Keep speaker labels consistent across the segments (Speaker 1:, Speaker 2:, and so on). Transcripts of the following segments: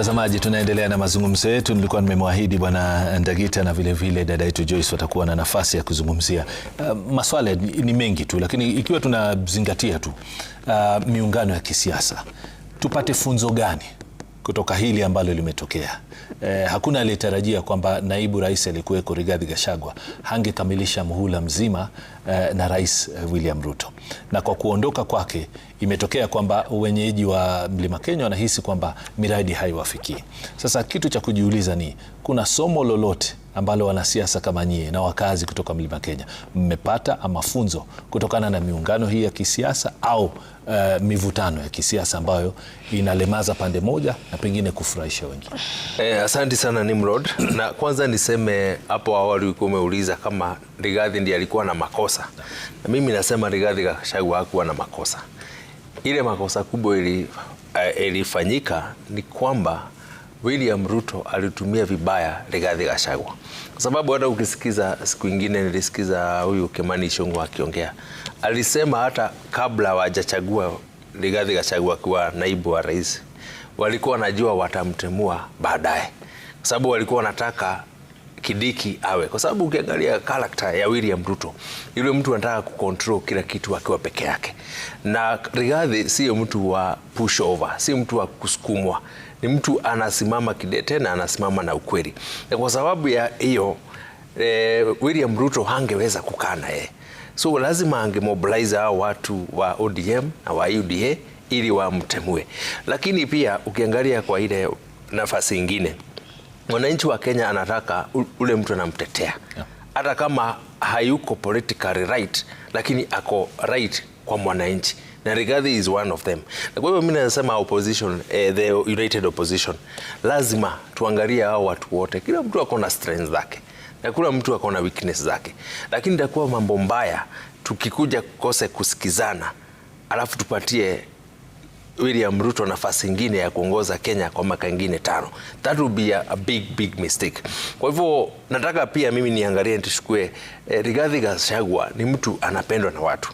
Speaker 1: Mtazamaji, tunaendelea na mazungumzo yetu. Nilikuwa nimemwahidi Bwana Ndagita na vilevile vile dada yetu Joyce watakuwa na nafasi ya kuzungumzia uh, maswala ni mengi tu, lakini ikiwa tunazingatia tu uh, miungano ya kisiasa, tupate funzo gani kutoka hili ambalo limetokea. Eh, hakuna aliyetarajia kwamba naibu rais alikuweko Rigathi Gachagua hangekamilisha muhula mzima eh, na Rais eh, William Ruto, na kwa kuondoka kwake imetokea kwamba wenyeji wa Mlima Kenya wanahisi kwamba miradi haiwafikii. Sasa kitu cha kujiuliza ni kuna somo lolote ambalo wanasiasa kama nyie na wakazi kutoka Mlima Kenya mmepata mafunzo kutokana na miungano hii ya kisiasa au uh, mivutano ya kisiasa ambayo inalemaza pande moja na pengine kufurahisha wengine?
Speaker 2: Eh, asante sana Nimrod. na kwanza niseme hapo awali ulikuwa umeuliza kama Rigathi ndiye alikuwa na makosa, na mimi nasema Rigathi Gachagua hakuwa na makosa. Ile makosa kubwa eh, ilifanyika uh, ni kwamba William Ruto alitumia vibaya Rigathi Gachagua, kwa sababu hata ukisikiza siku ingine nilisikiza huyu Kimani Ichung'wa akiongea, alisema hata kabla wajachagua Rigathi Gachagua akiwa naibu wa rais, walikuwa wanajua watamtemua baadaye, kwa sababu walikuwa wanataka Kidiki awe, kwa sababu ukiangalia karakta ya William Ruto, yule mtu anataka kukontrol kila kitu akiwa peke yake, na Rigathi sio mtu wa pushover, si mtu wa kusukumwa ni mtu anasimama kidete na anasimama na ukweli, na kwa sababu ya hiyo e, William Ruto hangeweza kukaa yeye, so lazima angemobilize hao watu wa ODM na wa UDA ili wamtemue. Lakini pia ukiangalia kwa ile nafasi ingine, mwananchi wa Kenya anataka ule mtu anamtetea hata kama hayuko politically right, lakini ako right kwa mwananchi na Rigathi is one of them. kwa hiyo mimi nasema opposition, eh, the united opposition lazima tuangalie hao watu wote, kila mtu ako na strength zake na kila mtu ako na weakness zake, lakini itakuwa mambo mbaya tukikuja kukose kusikizana alafu tupatie William Ruto nafasi ingine ya kuongoza Kenya kwa miaka ingine tano. That would be a, a big big mistake. Kwa hivyo nataka pia mimi niangalie, nituchukue eh, Rigathi Gachagua ni mtu anapendwa na watu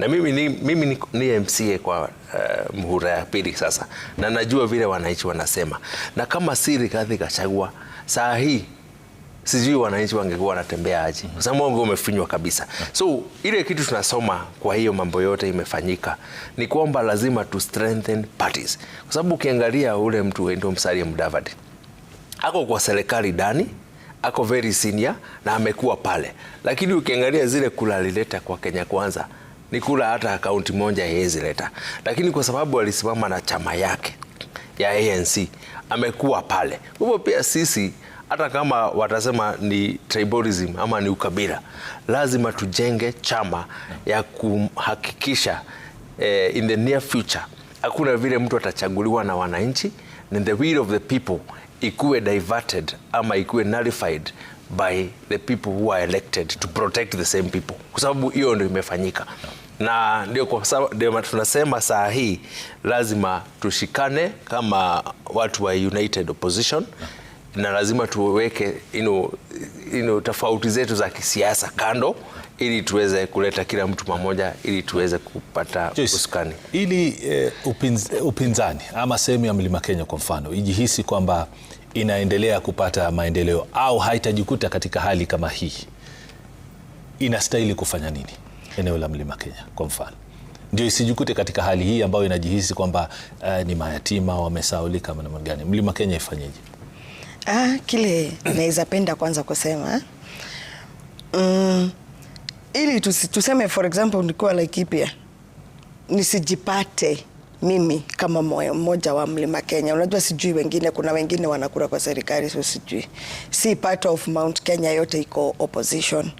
Speaker 2: na mimi ni, mimi ni, ni MCA kwa uh, eh, muhula ya pili sasa, na najua vile wananchi wanasema, na kama si Rigathi Gachagua saa hii sijui wananchi wangekuwa wanatembea aje, kwa sababu mwongo umefinywa kabisa. So ile kitu tunasoma, kwa hiyo mambo yote imefanyika ni kwamba lazima tu strengthen parties, kwa sababu ukiangalia ule mtu ndio Musalia Mudavadi ako kwa serikali ndani ako very senior na amekuwa pale, lakini ukiangalia zile kula alileta kwa Kenya Kwanza ni kula hata akaunti moja hawezi leta, lakini kwa sababu alisimama na chama yake ya ANC amekuwa pale. Kwa hivyo pia sisi hata kama watasema ni tribalism ama ni ukabila, lazima tujenge chama ya kuhakikisha eh, in the near future hakuna vile mtu atachaguliwa na wananchi na the will of the people ikuwe diverted ama ikuwe nullified by the people who are elected to protect the same people, kwa sababu hiyo ndio imefanyika na ndio kwa sababu tunasema saa hii lazima tushikane kama watu wa united opposition na lazima tuweke ino, ino tofauti zetu za kisiasa kando ili tuweze kuleta kila mtu pamoja ili tuweze kupata usukani
Speaker 1: ili eh, upinz, upinzani ama sehemu ya Mlima Kenya kwa mfano ijihisi kwamba inaendelea kupata maendeleo au haitajikuta katika hali kama hii, inastahili kufanya nini? eneo la Mlima Kenya kwa mfano, ndio isijikute katika hali hii ambayo inajihisi kwamba uh, ni mayatima wamesaulika namna gani? Mlima Kenya ifanyeje?
Speaker 3: Ah, kile naweza penda kwanza kusema mm, ili tuseme for example nikuwa Laikipia, nisijipate mimi kama mmoja wa Mlima Kenya. Unajua, sijui wengine, kuna wengine wanakura kwa serikali, so sijui, si part of Mount Kenya, yote iko opposition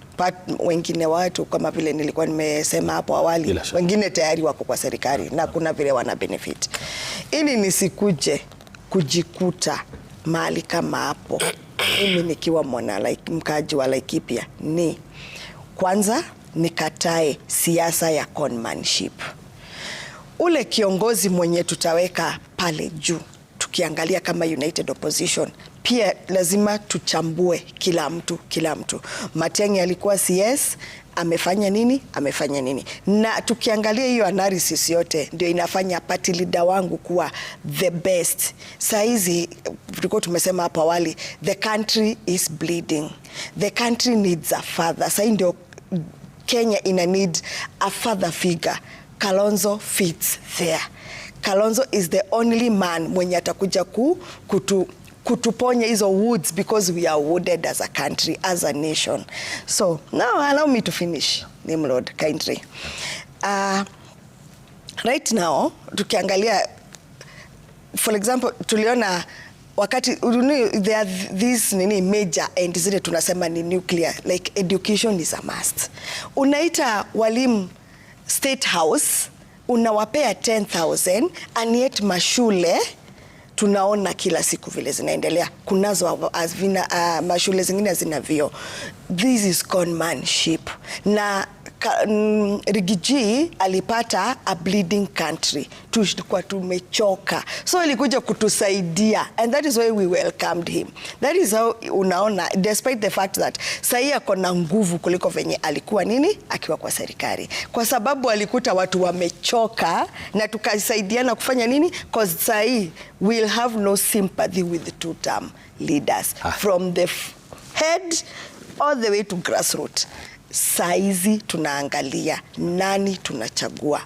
Speaker 3: wengine watu kama vile nilikuwa nimesema hapo awali, wengine tayari wako kwa serikali na kuna vile wana benefit, ili nisikuje kujikuta mahali kama hapo mimi nikiwa mwana like, mkaji wa Laikipia ni kwanza nikatae siasa ya conmanship. Ule kiongozi mwenye tutaweka pale juu tukiangalia kama United Opposition pia lazima tuchambue kila mtu kila mtu. Matiang'i alikuwa CS, amefanya nini, amefanya nini, na tukiangalia hiyo analysis yote ndio inafanya party leader wangu kuwa the best. Saa hizi tulikuwa tumesema hapo awali, the country is bleeding, the country needs a father. Saa hii ndio Kenya ina need a father figure. Kalonzo fits there. Kalonzo is the only man mwenye atakuja ku kutu kutuponya hizo woods because we are wooded as a country as a nation so now allow me to finish Nimrod kindly uh, right now tukiangalia for example tuliona wakati there are these nini major and zile tunasema ni nuclear like education is a must. Unaita walimu State House unawapea 10000 and yet mashule tunaona kila siku vile zinaendelea. Kunazo azvina, uh, ah, mashule zingine zinavyo This is conmanship na Mm, Rigiji alipata a bleeding country, tulikuwa tumechoka, so alikuja kutusaidia and that is why we welcomed him. That is how unaona, despite the fact that sahii ako na nguvu kuliko venye alikuwa nini akiwa kwa serikali, kwa sababu alikuta watu wamechoka na tukasaidiana kufanya nini, cause sahii we'll have no sympathy with the two term leaders ah. from the head all the way to grassroots saizi tunaangalia nani tunachagua,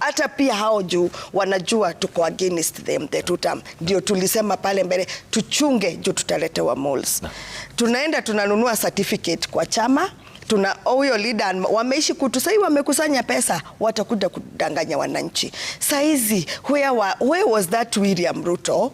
Speaker 3: hata pia hao juu wanajua tuko against them the two term. Ndio tulisema pale mbele tuchunge juu tutaletewa moles, tunaenda tunanunua certificate kwa chama tuna oh, huyo leader wameishi kutu sahii, wamekusanya pesa, watakuja kudanganya wananchi saizi. Where, where was that William Ruto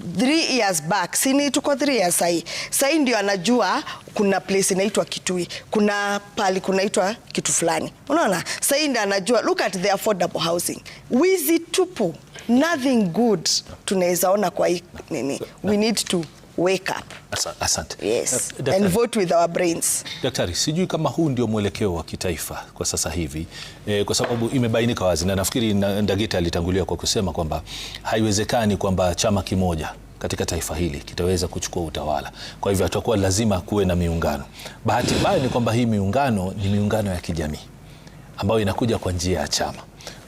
Speaker 3: 3 years back, sini tuko 3 years sahi sahi ndio anajua kuna place inaitwa Kitui, kuna pali kunaitwa kitu fulani, unaona sahi ndio anajua. Look at the affordable housing, wizi tupu, nothing good tunaweza ona kwa hii nini, we need to wake up. Asante. Yes. Daktari, and vote with our brains.
Speaker 1: Daktari, sijui kama huu ndio mwelekeo wa kitaifa kwa sasa hivi e, kwa sababu imebainika wazi na nafikiri Ndagita alitangulia kwa kusema kwamba haiwezekani kwamba chama kimoja katika taifa hili kitaweza kuchukua utawala. Kwa hivyo atakuwa lazima kuwe na miungano. Bahati mbaya ni kwamba hii miungano ni miungano ya kijamii ambayo inakuja kwa njia ya chama.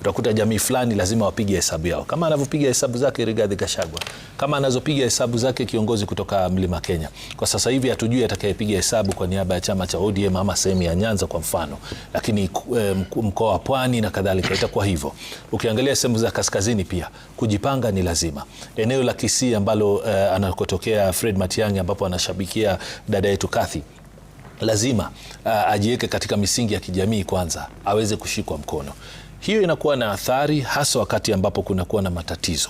Speaker 1: Utakuta jamii fulani lazima wapige hesabu yao, kama anavyopiga hesabu zake Rigathi Gachagua, kama anazopiga hesabu zake kiongozi kutoka Mlima Kenya. Kwa sasa hivi hatujui atakayepiga hesabu kwa niaba ya chama cha ODM ama sehemu ya Nyanza kwa mfano, lakini eh, mkoa wa Pwani na kadhalika itakuwa hivyo. Ukiangalia sehemu za kaskazini pia kujipanga ni lazima. Eneo la Kisii ambalo uh, anakotokea Fred Matiang'i ambapo anashabikia dada yetu Kathy lazima uh, ajiweke katika misingi ya kijamii kwanza, aweze kushikwa mkono. Hiyo inakuwa na athari hasa wakati ambapo kunakuwa na matatizo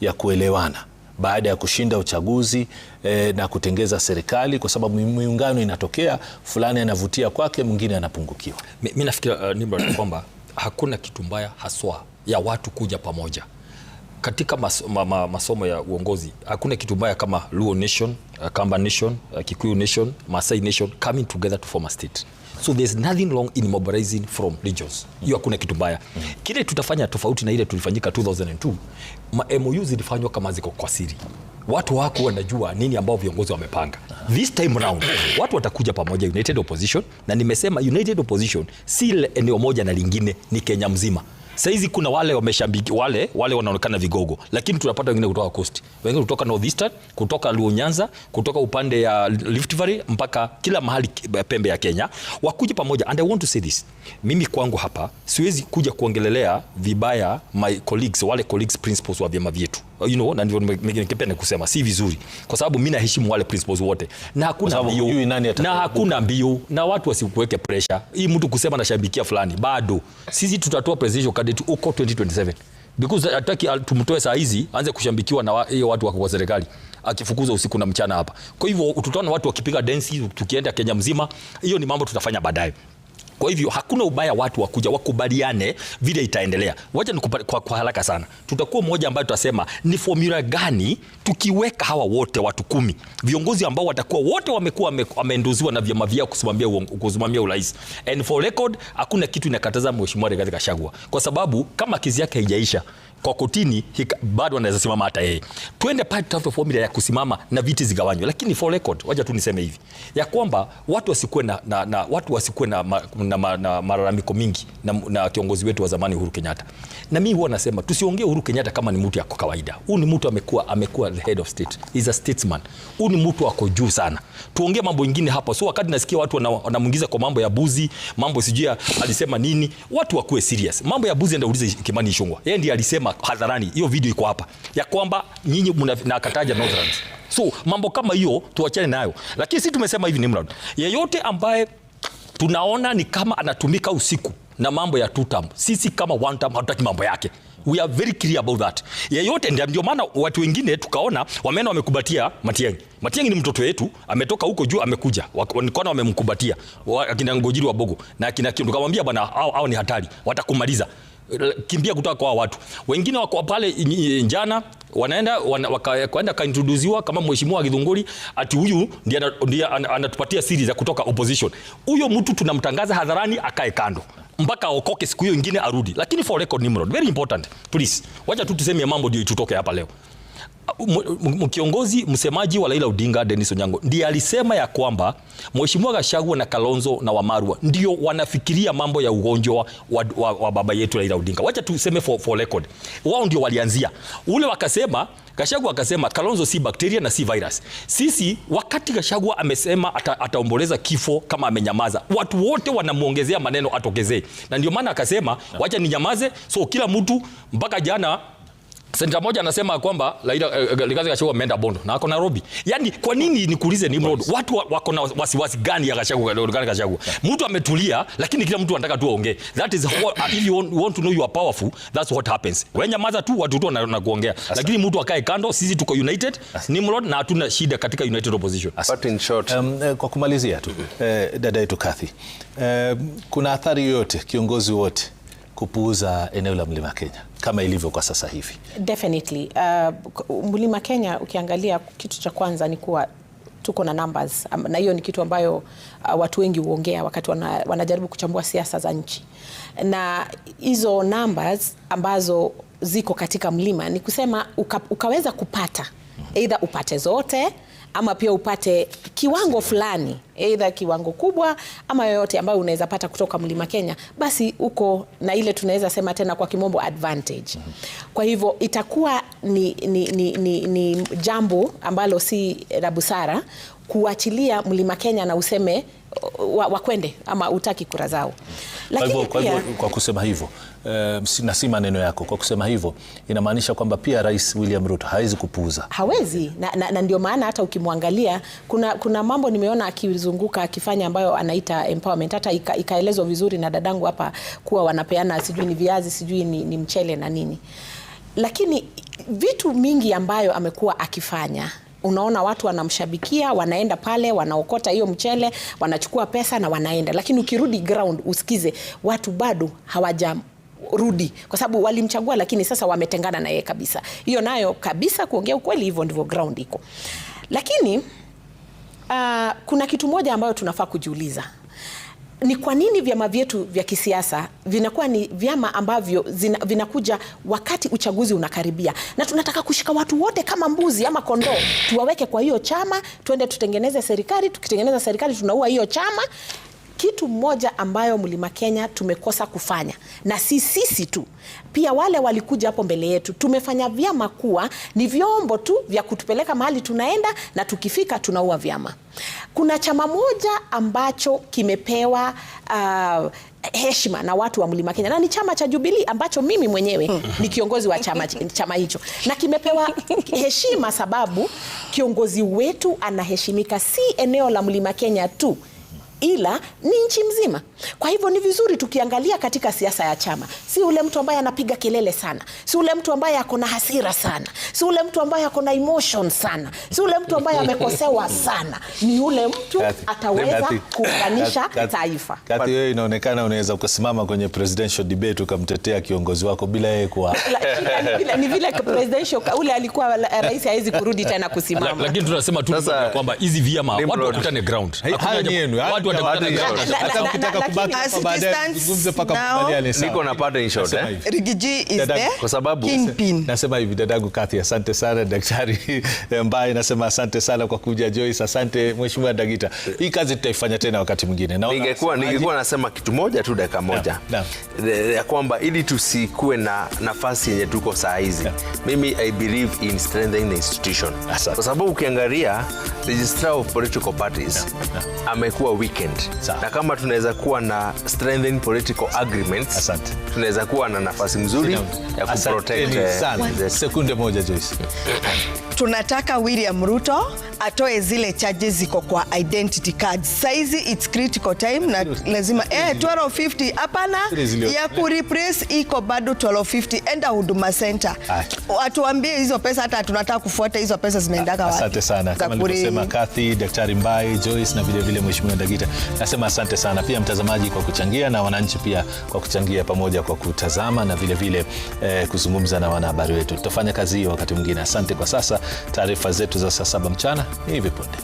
Speaker 1: ya kuelewana baada ya kushinda uchaguzi eh, na kutengeza serikali, kwa sababu miungano inatokea, fulani anavutia kwake, mwingine anapungukiwa. Mi nafikiri uh, kwamba hakuna kitu mbaya haswa ya watu kuja pamoja katika mas, ma, ma, masomo ya uongozi hakuna kitu mbaya kama Luo Nation, uh, Kamba Nation, uh, Kikuyu Nation, Maasai Nation coming together to form a state. So there's nothing wrong in mobilizing from regions. Hiyo hakuna kitu mbaya. Kile tutafanya tofauti na ile tulifanyika 2002, ma MOU zilifanywa kama ziko kwa siri. Watu wako wanajua nini ambao viongozi wamepanga. This time round watu watakuja pamoja, united opposition, na nimesema united opposition si eneo moja na lingine, ni Kenya mzima. Saizi kuna wale wameshambiki wale wale wanaonekana vigogo, lakini tunapata wengine kutoka Coast, wengine kutoka Northeastern, kutoka Luo Nyanza, kutoka upande ya Rift Valley mpaka kila mahali pembe ya Kenya, wakuje pamoja. And I want to say this, mimi kwangu hapa siwezi kuja kuongelelea vibaya my colleagues, wale colleagues principals wa vyama vyetu Uh, you know, na ningependa kusema si vizuri, kwa sababu mi naheshimu wale principles wote, na hakuna mbio, na hakuna mbio, na watu wasikuweke pressure hii, mtu kusema nashabikia fulani. Bado sisi tutatoa presidential candidate uko 2027 because hataki tumtoe saa hizi aanze kushambikiwa na hiyo watu wako kwa serikali akifukuza usiku na mchana hapa. Kwa hivyo tutaona watu wakipiga densi, tukienda Kenya mzima. Hiyo ni mambo tutafanya baadaye. Kwa hivyo hakuna ubaya watu wakuja wakubaliane vile itaendelea. Wacha ni kwa, kwa haraka sana, tutakuwa mmoja ambayo tutasema ni formula gani tukiweka hawa wote watu kumi viongozi ambao watakuwa wote wamekuwa wameenduziwa na vyama vyao kusimamia kusimamia urais. And for record, hakuna kitu inakataza mheshimiwa Rigathi Gachagua kwa sababu kama kizi yake haijaisha kwa kotini bado anaweza simama hata yeye. Twende pale tutafute formula ya kusimama na viti zigawanywe, lakini for record, wacha tu niseme hivi ya kwamba watu wasikuwe na, na, na, watu wasikuwe na, na, na, na, na malalamiko mingi na, na kiongozi wetu wa zamani Uhuru Kenyatta. Na mimi huwa nasema tusiongee Uhuru Kenyatta kama ni mtu yako kawaida. Huyu ni mtu amekuwa amekuwa the head of state. He's a statesman. Huyu ni mtu ako juu sana. Tuongee mambo mengine hapa. So wakati nasikia watu wanamuingiza kwa mambo ya buzi, mambo sijui alisema nini, watu wakuwe serious. Mambo ya buzi ndio ulize Kimani Ichung'wah. Yeye ndiye alisema hadharani, hiyo video iko hapa ya kwamba nyinyi mnakataja Northlands. So mambo kama hiyo tuachane nayo, lakini sisi tumesema hivi, Nimrod, yeyote ambaye tunaona ni kama anatumika usiku na mambo ya two term, sisi kama one term hatutaki mambo yake. We are very clear about that. Yeyote ndio maana watu wengine tukaona wameenda wamekubatia Matiang'i. Matiang'i ni mtoto wetu, ametoka huko juu amekuja. Nikaona wamemkubatia. Akina Ngojiri wa Bogo na akina Kiondo, kamwambia bwana hao ni hatari, watakumaliza kimbia kutoka kwa watu wengine wako pale njana wanaenda wakaenda kaintroduziwa kama mheshimiwa kidhunguri ati huyu ndiye anatupatia siri za kutoka opposition. Huyo mtu tunamtangaza hadharani akae kando mpaka aokoke siku hiyo ingine arudi. Lakini for record Nimrod, very important please, wacha tu tuseme mambo ndio itutoke hapa leo mkiongozi msemaji wa Raila Odinga Dennis Onyango ndiye alisema ya kwamba Mheshimiwa Gachagua na Kalonzo na Wamarwa ndio wanafikiria mambo ya ugonjwa wa, wa, wa wa baba yetu Raila Odinga. Wacha tuseme for, for record, wao ndio walianzia ule, wakasema Gachagua akasema Kalonzo si bakteria na si virus. Sisi wakati Gachagua amesema ata, ataomboleza kifo kama amenyamaza, watu wote wanamuongezea maneno atokezee, na ndio maana akasema wacha ninyamaze, so kila mtu mpaka jana Senta moja anasema kwamba Raila uh, eh, eh, Rigathi Gachagua ameenda Bondo na ako Nairobi. Yaani kwa nini nikuulize ni mrodo? Watu wako na wasiwasi gani ya Gachagua eh, Rigathi Gachagua? Mtu ametulia lakini kila mtu anataka tu aongee. That is what uh, if you want, to know you are powerful, that's what happens. Wewe nyamaza tu watu tu wanaona kuongea. Lakini mtu akae kando, sisi tuko united, ni mrodo na hatuna shida katika united opposition. But in short, um, kwa kumalizia tu mm-hmm. eh, dada yetu Kathy. Eh, kuna athari yoyote kiongozi wote kupuuza eneo la Mlima Kenya? kama ilivyo kwa sasa hivi?
Speaker 4: Definitely. Uh, Mlima Kenya ukiangalia kitu cha kwanza ni kuwa tuko na numbers um, na hiyo ni kitu ambayo uh, watu wengi huongea wakati wana, wanajaribu kuchambua siasa za nchi, na hizo numbers ambazo ziko katika mlima ni kusema uka, ukaweza kupata either upate zote ama pia upate kiwango fulani, aidha kiwango kubwa ama yoyote ambayo unaweza pata kutoka Mlima Kenya, basi uko na ile tunaweza sema tena kwa kimombo advantage. Kwa hivyo itakuwa ni, ni, ni, ni, ni jambo ambalo si la busara kuachilia Mlima Kenya na useme wakwende ama utaki kura zao.
Speaker 1: Lakini kwa kwa, kwa kusema hivyo uh, na si maneno yako, kwa kusema hivyo inamaanisha kwamba pia Rais William Ruto hawezi kupuuza,
Speaker 4: hawezi na, na, na ndio maana hata ukimwangalia kuna, kuna mambo nimeona akizunguka akifanya ambayo anaita empowerment. Hata ikaelezwa vizuri na dadangu hapa kuwa wanapeana sijui ni viazi sijui ni, ni mchele na nini, lakini vitu mingi ambayo amekuwa akifanya unaona watu wanamshabikia, wanaenda pale, wanaokota hiyo mchele, wanachukua pesa na wanaenda, lakini ukirudi ground usikize watu bado hawaja rudi kwa sababu walimchagua, lakini sasa wametengana na yeye kabisa. Hiyo nayo kabisa, kuongea ukweli, hivyo ndivyo ground iko. Lakini uh, kuna kitu moja ambayo tunafaa kujiuliza ni kwa nini vyama vyetu vya kisiasa vinakuwa ni vyama ambavyo zina, vinakuja wakati uchaguzi unakaribia, na tunataka kushika watu wote kama mbuzi ama kondoo, tuwaweke kwa hiyo chama, tuende tutengeneze serikali. Tukitengeneza serikali, tunaua hiyo chama kitu moja ambayo Mlima Kenya tumekosa kufanya, na si sisi tu, pia wale walikuja hapo mbele yetu, tumefanya vyama kuwa ni vyombo tu vya kutupeleka mahali tunaenda, na tukifika tunaua vyama. Kuna chama moja ambacho kimepewa uh, heshima na watu wa Mlima Kenya na ni chama cha Jubilee ambacho mimi mwenyewe ni kiongozi wa chama, chama hicho na kimepewa heshima sababu kiongozi wetu anaheshimika si eneo la Mlima Kenya tu ila ni nchi mzima. Kwa hivyo ni vizuri tukiangalia katika siasa ya chama, si ule mtu ambaye anapiga kelele sana, si ule mtu ambaye ako na hasira sana, si ule mtu ambaye ako na emotion sana, si ule mtu ambaye amekosewa sana, ni ule mtu ataweza kuunganisha taifa.
Speaker 1: Kati wewe inaonekana unaweza ukasimama kwenye presidential debate ukamtetea kiongozi wako bila yeye kuwa
Speaker 4: ni vile presidential ule alikuwa rais hawezi kurudi tena kusimama,
Speaker 1: lakini tunasema tu kwamba hizi vyama watu wakutane ground nasema hivi dadangu Kathy, asante sana daktari ambaye nasema asante sana kwa kuja Joyce, asante mheshimiwa Dagita. Hii kazi tutaifanya tena wakati mwingine.
Speaker 2: ningekuwa ningekuwa nasema kitu moja tu dakika moja. Eh, eh, ya kwamba ili tusikuwe na nafasi yenye tuko saa hizi. Mimi I believe in strengthening the institution. Kwa sababu ukiangalia registrar of political parties amekuwa weak weekend Sa. na kama tunaweza kuwa na strengthen political agreements, asante, tunaweza kuwa na nafasi mzuri
Speaker 1: ya kuprotect eh, sekunde moja Joyce.
Speaker 3: Tunataka William Ruto atoe zile charges ziko kwa identity card Saizi it's critical time na lazima eh, 1250 hapana ya ku replace iko bado 1250, enda huduma center watuambie ah. hizo pesa, hata tunataka kufuata hizo pesa zimeendaga wapi.
Speaker 1: Asante sana, kama nilivyosema Kathy, Daktari Mbai, Joyce na vilevile Mheshimiwa Ndagita pamoja. Nasema asante sana pia mtazamaji kwa kuchangia na wananchi pia kwa kuchangia pamoja kwa kutazama na vilevile vile, eh, kuzungumza na wanahabari wetu. Tutafanya kazi hiyo wakati mwingine. Asante kwa sasa. Taarifa zetu za saa saba mchana ni hivi punde.